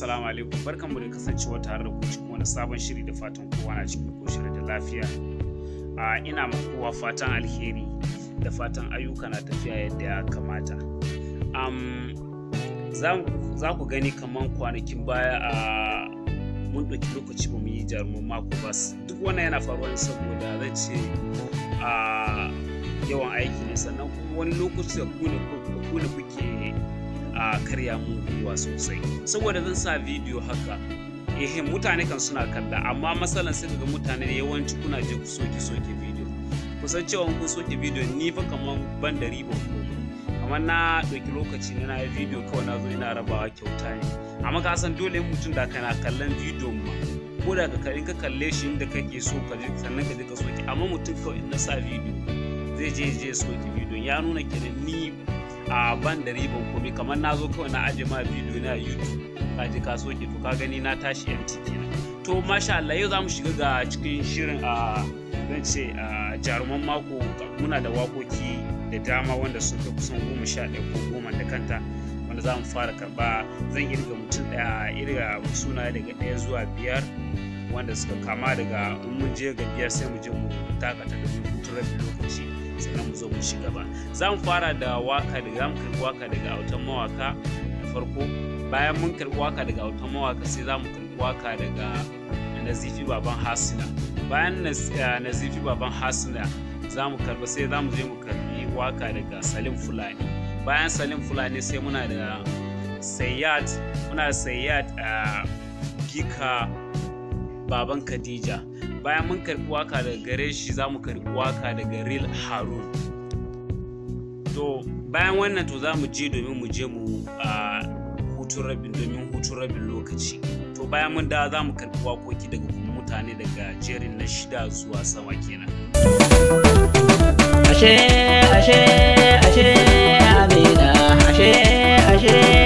assalamu alaikum barkanmu da kasancewa tare da ku cikin wani sabon shiri da fatan kowa na cikin koshin da lafiya a ina ma kowa fatan alheri da fatan ayyuka na tafiya yadda ya kamata um, za ku gani kaman kwanakin baya a mun ɗauki lokaci ba mu yi jarumin mako ba duk wannan yana faruwa ne saboda zan ce a yawan aiki ne sannan kuma wani lokaci da ku ne kuke a karya mun gwiwa sosai saboda zan sa bidiyo haka ehe mutane kan suna kalla amma matsalan sai ga mutane da yawanci kuna je ku soke soke bidiyo kusan cewa kun soke bidiyo ni fa kaman ban da riba amma na ɗauki lokaci na yi bidiyo kawai na zo ina rabawa kyauta ne amma ka san dole mutum da kana kallon bidiyo ma ko da ka in ka kalle shi inda kake so ka je sannan ka je ka soke amma mutum kawai na sa bidiyo zai je je soke bidiyo. ya nuna kenan ni a ban da ribon komai kamar na zo kawai na aje ma bidiyo na youtube ka je ka soke to ka gani na tashi yanci kenan to masha Allah yau za mu shiga ga cikin shirin a zan ce a jaruman mako muna da wakoki da dama wanda sun fi kusan goma sha ɗaya ko goma da kanta wanda za mu fara karɓa zan irga mutum ɗaya irga suna daga ɗaya zuwa biyar wanda suka kama daga mun je ga biyar sai mu je mu takata da hutun lokaci sannan mu zo mu ci gaba za mu fara da waka daga mu karɓi waka daga autan mawaka da farko bayan mun karɓi waka daga autan mawaka sai za mu karɓi waka daga nazifi baban hasina bayan eh, nazifi baban hasina za mu karɓi sai za mu je mu karɓi waka daga salim fulani bayan salim fulani sai muna da sayyad muna da sayyad a eh, gika baban Khadija bayan mun karɓi waka daga gare shi za mu karɓi waka daga Real Harun to bayan wannan to za mu je domin mu je mu hutun rabin domin hutun rabin lokaci to bayan mun da za mu karɓi wakoki daga mutane daga jerin na shida zuwa sama kenan ashe ashe ashe amina ashe ashe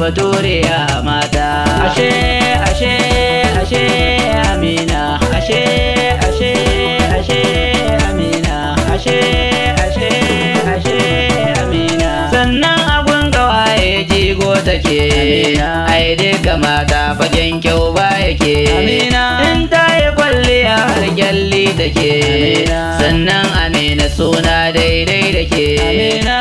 baturiya mata ashe ashe ashe amina ashe ashe ashe amina ashe ashe ashe amina sannan abun gawaye jigo take ai duka mata fagen kyau ba yake amina in ta yi kwalliya har gyalli take sannan amina suna daidai da ke amina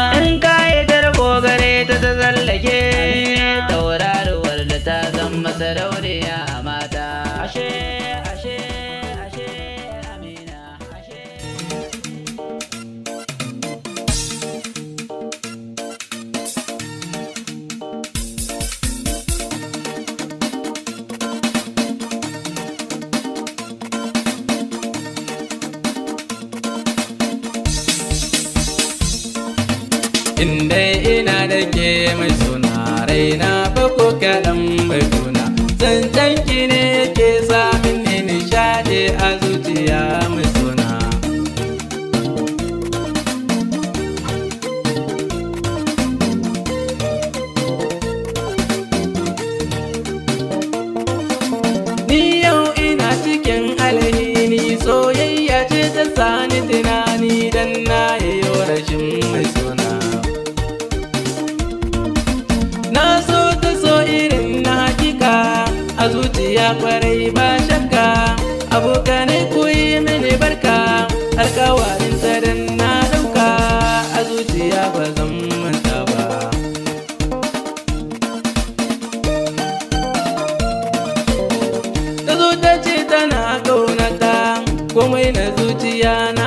komai na zuciya na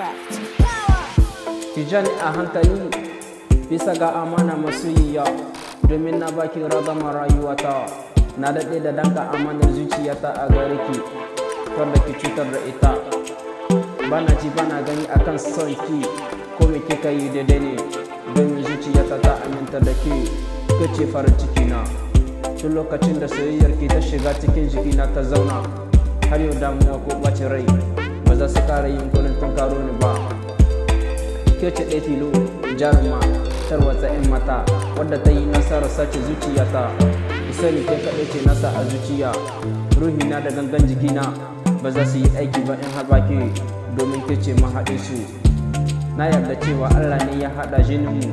Minecraft. Tijani a hankali bisa ga amana masu ya domin na baki ragama rayuwata na daɗe da danka amanan zuciyata a gare ki wanda ki cutar da ita bana ji bana gani akan son ki ko me kika yi daidai ne domin zuciyata ta aminta da ke kace farin ciki na tun lokacin da soyayyar ki ta shiga cikin jiki na ta zauna har yau damuwa ko ɓacin rai za su kara tun karo ni ba ce ɗaya tilo jaruma tarwata 'yan mata wadda ta yi nasara sace zuciya zuciyata sani ke kaɗai ce nasa a zuciya na da gangan jikina ba za su yi aiki ba in haɓa ke domin ke ce mahaɗe su na yarda cewa allah ne ya haɗa jininmu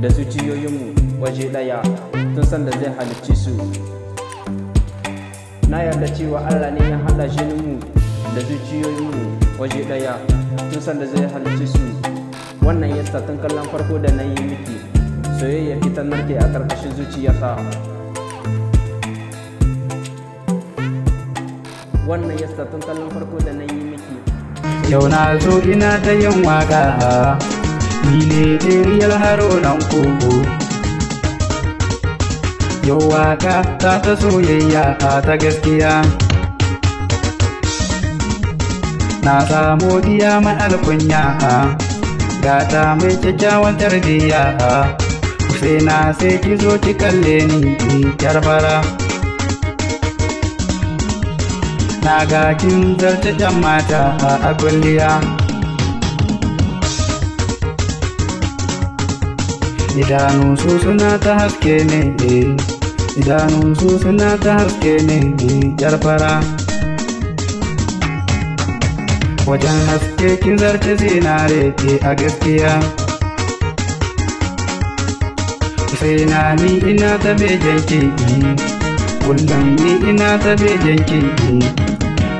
da zuciyoyinmu waje ɗaya tun sanda zai halicci su na yarda cewa allah ne ya haɗa jininmu da zuciyoyinmu waje ɗaya tun sanda zai halicci su wannan ya sa tun kallon farko da na yi miki soyayya fitar narke a ƙarƙashin zuciyata wannan ya sa tun kallon farko da na yi miki yau na zo ina ta yin waka ni ne ɗariyar haro nan kogo yau waka ta ta soyayya ta gaskiya na samu diya mai alkunya gata mai kyakkyawan tarbiyya sai na sai ki zo ki kalle ni kyar bara na ga kin zarta mata a kulliya idanun su suna ta haske ne idanun su suna ta haske ne kyar fara wajen haske kin zarce zinare ke a gaskiya sai na ni ina ta bejen kiki kullum ni ina ta bejen kiki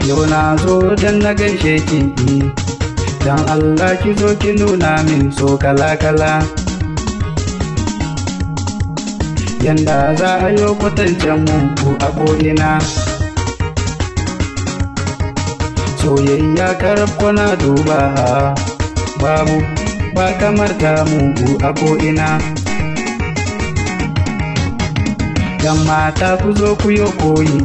yau na zo don na gaishe kiki don Allah ki zo ki nuna min so kala-kala yanda za a yi kwatancen mu a ko'ina. soyayya karab kwana duba babu ba kamar ta mugu a ko'ina don mata ku zo ku yi koyi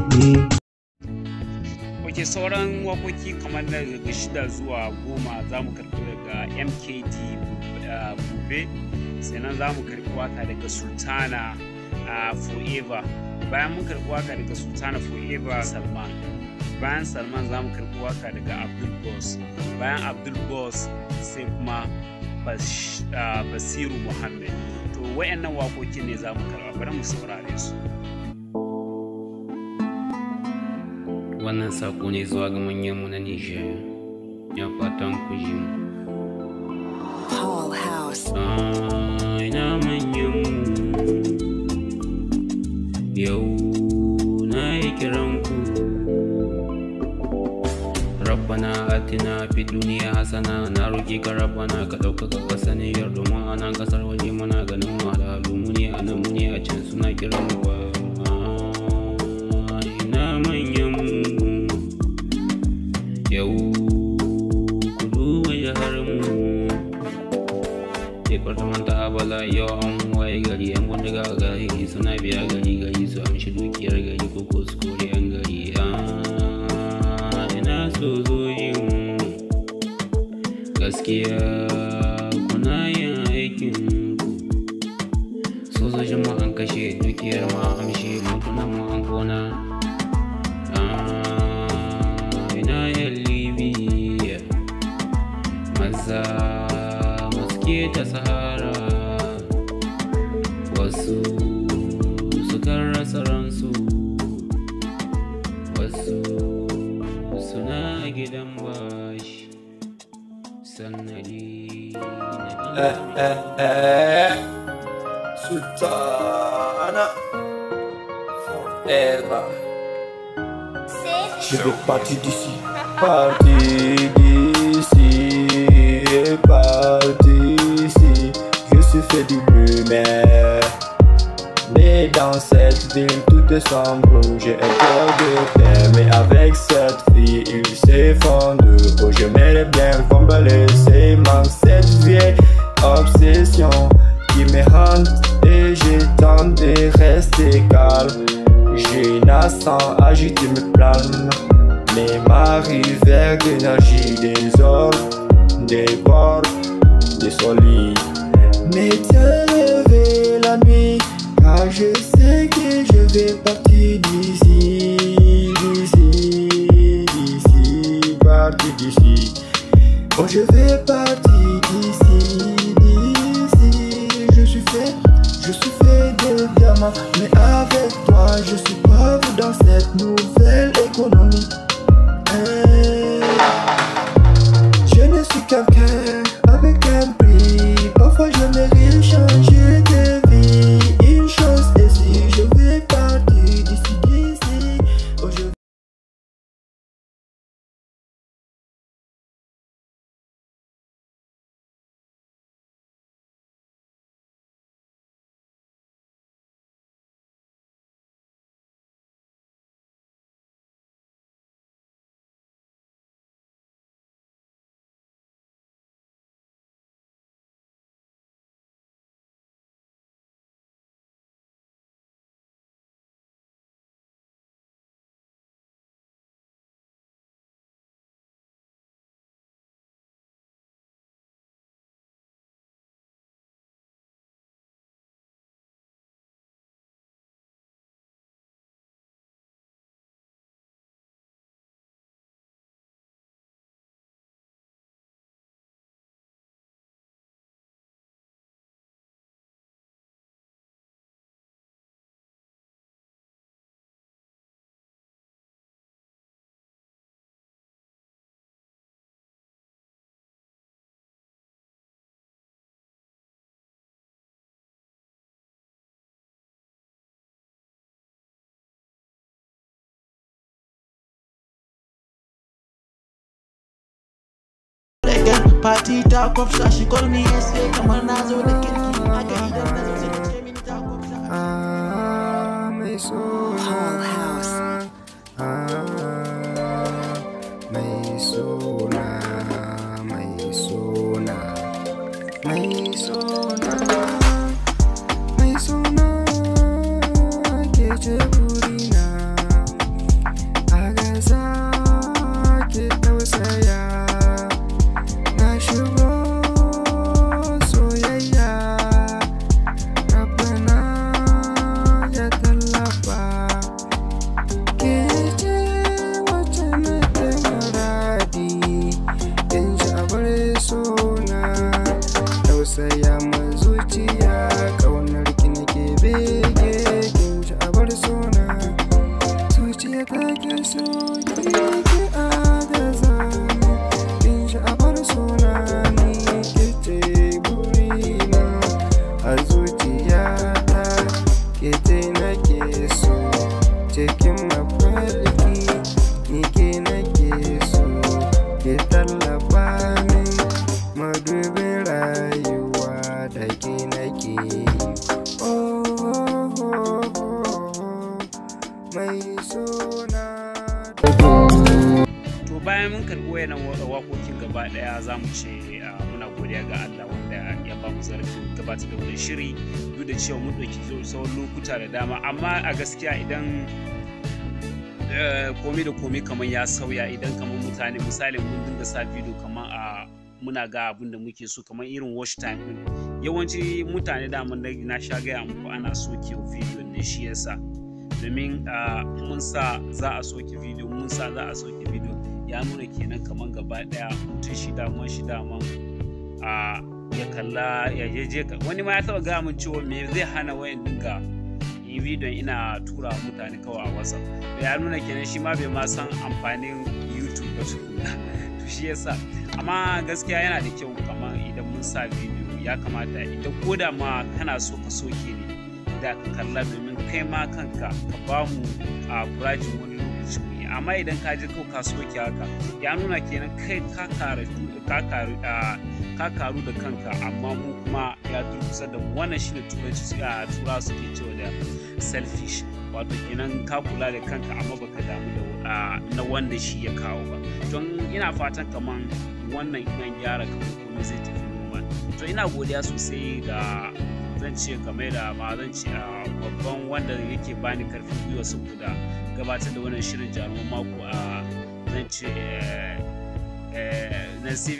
ne sauran wakoki kamar daga shida zuwa goma za mu karfi daga mkd bube sannan za mu karfi waka daga sultana forever bayan mun karfi waka daga sultana forever salman bayan salman za mu karɓi waka daga abdul boss bayan abdul boss sai kuma basiru muhammad to wayannan wakokin ne za mu karɓa bari mu saurare su wannan saƙo ne zuwa ga mu na nijar ya fatan ku ji mu House. Ah. rabbana atina fi duniya hasana na roƙi ka rabbana ka ɗaukaka ka saniyar domin a ƙasar waje muna ganin wahalhalu mu ne a nan mu ne a can suna kiran mu ba ina manyan mu yau ku duba jihar mu departament ta abala yau an waye gari yan bindiga gari suna biya gari gari su amshi dukiyar gari ko ko su yan gari a ah, ina so gaskiya kuna yin aikin ku sojojin mu an kashe dukiyar ma amshi mutunan mu an kona ah, ina yan libya maza maske ta sahara wasu sukan rasa ransu wasu suna gidan ba Je veux partir d'ici, partir d'ici, partir d'ici. Je suis fait du lumière. Mais dans cette ville, tout est sombre. J'ai peur de faire mais avec cette fille, il défendu Pour je mérite bien combler ces manques Cette vieille obsession qui me hante Et j'ai de rester calme J'ai sans agiter mes plane Mais ma rivière d'énergie des ors Des portes des solides Mais tiens, lever la nuit Car je sais que je vais partir te ver parar. girl party ta kwafsa she call me kamar na zo da kirki na ga idan na zo sai ta ce mini personal. bayan mun karɓi wayannan wakokin gaba daya za mu ce muna godiya ga Allah wanda ya ba mu zarafin gabatar da wani shiri duk da cewa mun ɗauki tsawon lokuta da dama amma a gaskiya idan eh, komai da komai kamar ya sauya idan kamar mutane misalin mun dinga sa bidiyo kamar a muna ga abin da muke so kamar irin wash time din yawanci mutane da mun na sha gaya muku ana soke video ne shi yasa domin mun sa za a soke video mun sa za a soke video. ya nuna kenan kamar gaba daya mutum shi damuwan shi a ya kalla ya jeje wani ma ya taba gaya min cewa me zai hana wayan dinga in bidiyon ina tura mutane kawai a whatsapp ya nuna kenan shi ma bai ma san amfanin youtube ba to shi yasa amma gaskiya yana da kyau kamar idan mun sa bidiyo ya kamata idan ko da ma kana so ka soke ne da ka kalla domin kai ma kanka ka ba mu a kurajin wani amma idan ka je kau kasuwa ki haka ya nuna kenan kai ka karu da kanka amma mu kuma ya durkusa da wannan shi ne turanci su a tura ke cewa da selfish wato kenan ka kula da kanka amma baka damu da na wanda shi ya kawo ba don ina fatan kaman wannan yan gyara kamar kuma zai tafi noma to ina godiya sosai ga zan ce game da ma zan ce babban wanda yake bani karfin gwiwa saboda gabatar da wannan shirin jami'an mako a zan eh, eh,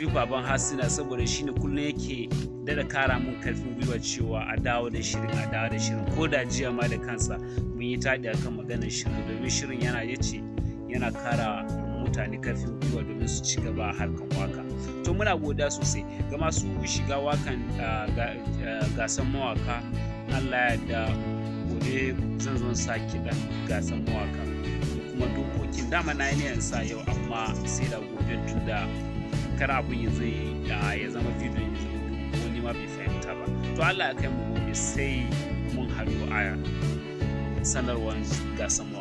na baban hasina saboda shi ne, kullum yake dada kara mun karfin gwiwa cewa a dawo da shirin a dawo da shirin ko da jiya ma da kansa mun yi taɗi a kan maganar shirin domin shirin yana yace yana kara mutane karfin gwiwa domin su ci gaba a harkar waka to muna goda sosai ga masu shiga wakan ah, eh, gasan mawaka allah ya da gobe zan zo sa kiɗan gasan mawaka kuma dokokin dama na yi sa yau amma sai da gobe tun da kar abin ya zai ya zama bidiyon ya zama wani ma bai fahimta ba to Allah ya kai mu gobe sai mun haɗu a sanarwar gasan mawaka